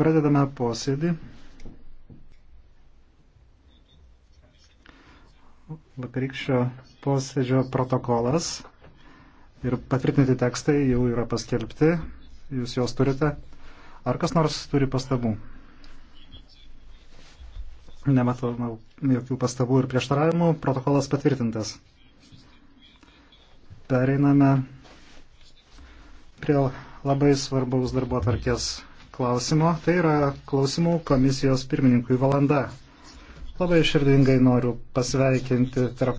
Pradedame posėdį. Vakarykščio posėdžio protokolas ir patvirtinti tekstai jau yra paskelbti. Jūs juos turite. Ar kas nors turi pastabų? Nematau jokių pastabų ir prieštaravimų. Protokolas patvirtintas. Pereiname prie labai svarbaus darbo atvarkės klausimo. Tai yra klausimų komisijos pirmininkui valanda. Labai širdingai noriu pasveikinti tarp